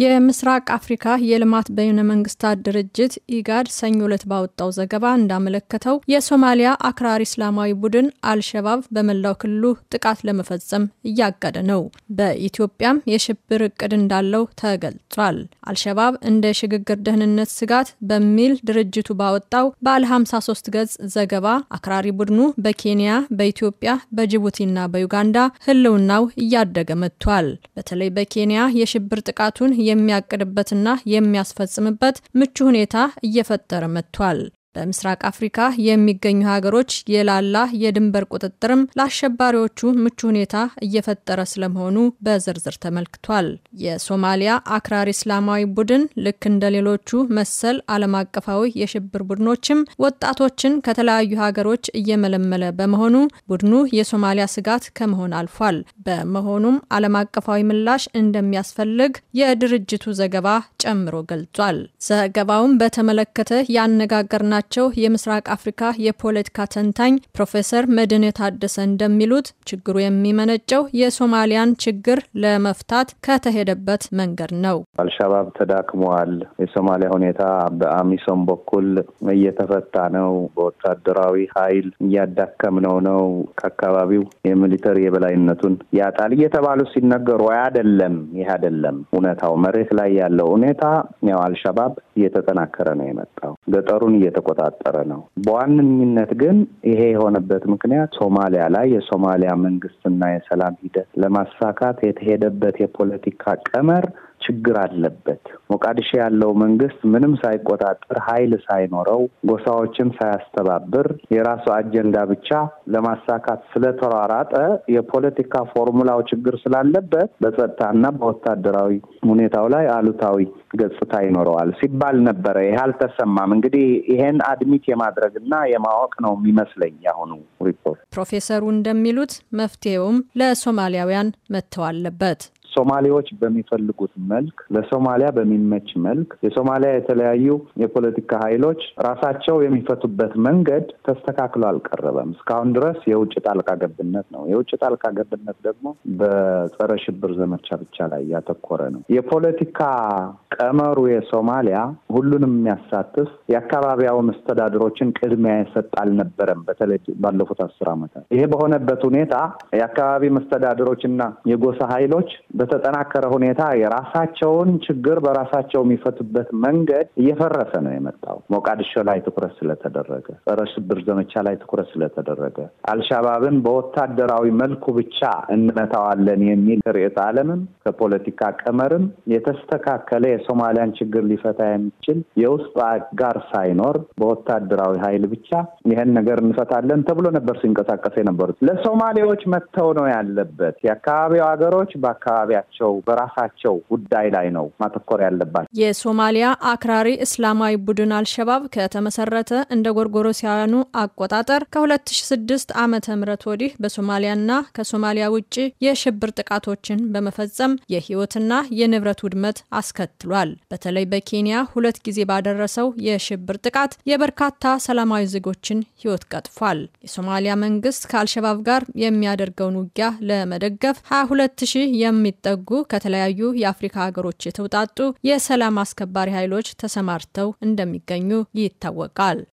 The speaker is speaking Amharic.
የምስራቅ አፍሪካ የልማት በይነ መንግስታት ድርጅት ኢጋድ ሰኞ ዕለት ባወጣው ዘገባ እንዳመለከተው የሶማሊያ አክራሪ እስላማዊ ቡድን አልሸባብ በመላው ክልሉ ጥቃት ለመፈጸም እያቀደ ነው። በኢትዮጵያም የሽብር እቅድ እንዳለው ተገልጿል። አልሸባብ እንደ ሽግግር ደህንነት ስጋት በሚል ድርጅቱ ባወጣው ባለ 53 ገጽ ዘገባ አክራሪ ቡድኑ በኬንያ፣ በኢትዮጵያ፣ በጅቡቲና በዩጋንዳ ህልውናው እያደገ መጥቷል። በተለይ በኬንያ የሽብር ጥቃቱን የሚያቅድበትና የሚያስፈጽምበት ምቹ ሁኔታ እየፈጠረ መጥቷል። በምስራቅ አፍሪካ የሚገኙ ሀገሮች የላላ የድንበር ቁጥጥርም ለአሸባሪዎቹ ምቹ ሁኔታ እየፈጠረ ስለመሆኑ በዝርዝር ተመልክቷል። የሶማሊያ አክራሪ እስላማዊ ቡድን ልክ እንደ ሌሎቹ መሰል ዓለም አቀፋዊ የሽብር ቡድኖችም ወጣቶችን ከተለያዩ ሀገሮች እየመለመለ በመሆኑ ቡድኑ የሶማሊያ ስጋት ከመሆን አልፏል። በመሆኑም ዓለም አቀፋዊ ምላሽ እንደሚያስፈልግ የድርጅቱ ዘገባ ጨምሮ ገልጿል። ዘገባውን በተመለከተ ያነጋገርና ናቸው የምስራቅ አፍሪካ የፖለቲካ ተንታኝ ፕሮፌሰር መድን ታደሰ እንደሚሉት ችግሩ የሚመነጨው የሶማሊያን ችግር ለመፍታት ከተሄደበት መንገድ ነው። አልሻባብ ተዳክመዋል። የሶማሊያ ሁኔታ በአሚሶም በኩል እየተፈታ ነው። በወታደራዊ ኃይል እያዳከምነው ነው። ከአካባቢው የሚሊተሪ የበላይነቱን ያጣል እየተባሉ ሲነገሩ አይደለም። ይህ አይደለም እውነታው። መሬት ላይ ያለው ሁኔታ ያው አልሻባብ እየተጠናከረ ነው የመጣው ገጠሩን እየተ እየተቆጣጠረ ነው። በዋነኝነት ግን ይሄ የሆነበት ምክንያት ሶማሊያ ላይ የሶማሊያ መንግስትና የሰላም ሂደት ለማሳካት የተሄደበት የፖለቲካ ቀመር ችግር አለበት። ሞቃዲሾ ያለው መንግስት ምንም ሳይቆጣጠር ኃይል ሳይኖረው ጎሳዎችን ሳያስተባብር የራሱ አጀንዳ ብቻ ለማሳካት ስለተሯራጠ የፖለቲካ ፎርሙላው ችግር ስላለበት በጸጥታና በወታደራዊ ሁኔታው ላይ አሉታዊ ገጽታ ይኖረዋል ሲባል ነበረ። ይህ አልተሰማም። እንግዲህ ይሄን አድሚት የማድረግና የማወቅ ነው የሚመስለኝ ያሁኑ ሪፖርት። ፕሮፌሰሩ እንደሚሉት መፍትሄውም ለሶማሊያውያን መተው አለበት። ሶማሌዎች በሚፈልጉት መልክ ለሶማሊያ በሚመች መልክ የሶማሊያ የተለያዩ የፖለቲካ ኃይሎች ራሳቸው የሚፈቱበት መንገድ ተስተካክሎ አልቀረበም። እስካሁን ድረስ የውጭ ጣልቃ ገብነት ነው። የውጭ ጣልቃ ገብነት ደግሞ በጸረ ሽብር ዘመቻ ብቻ ላይ ያተኮረ ነው። የፖለቲካ ቀመሩ የሶማሊያ ሁሉንም የሚያሳትፍ የአካባቢያዊ መስተዳድሮችን ቅድሚያ የሰጥ አልነበረም፣ በተለይ ባለፉት አስር ዓመታት። ይሄ በሆነበት ሁኔታ የአካባቢ መስተዳድሮችና የጎሳ ኃይሎች በተጠናከረ ሁኔታ የራሳቸውን ችግር በራሳቸው የሚፈቱበት መንገድ እየፈረሰ ነው የመጣው። ሞቃዲሾ ላይ ትኩረት ስለተደረገ፣ ጸረ ሽብር ዘመቻ ላይ ትኩረት ስለተደረገ፣ አልሻባብን በወታደራዊ መልኩ ብቻ እንመታዋለን የሚል ርዕዮተ ዓለምም ከፖለቲካ ቀመርም የተስተካከለ የሶማሊያን ችግር ሊፈታ የሚችል የውስጥ አጋር ሳይኖር በወታደራዊ ኃይል ብቻ ይህን ነገር እንፈታለን ተብሎ ነበር ሲንቀሳቀስ የነበሩት። ለሶማሌዎች መጥተው ነው ያለበት። የአካባቢው ሀገሮች በአካባቢ አካባቢያቸው በራሳቸው ጉዳይ ላይ ነው ማተኮር ያለባቸው። የሶማሊያ አክራሪ እስላማዊ ቡድን አልሸባብ ከተመሰረተ እንደ ጎርጎሮሲያኑ አቆጣጠር ከ2006 ዓመተ ምህረት ወዲህ በሶማሊያና ከሶማሊያ ውጭ የሽብር ጥቃቶችን በመፈጸም የህይወትና የንብረት ውድመት አስከትሏል። በተለይ በኬንያ ሁለት ጊዜ ባደረሰው የሽብር ጥቃት የበርካታ ሰላማዊ ዜጎችን ህይወት ቀጥፏል። የሶማሊያ መንግስት ከአልሸባብ ጋር የሚያደርገውን ውጊያ ለመደገፍ 22 ሺህ የሚ የሚጠጉ ከተለያዩ የአፍሪካ ሀገሮች የተውጣጡ የሰላም አስከባሪ ኃይሎች ተሰማርተው እንደሚገኙ ይታወቃል።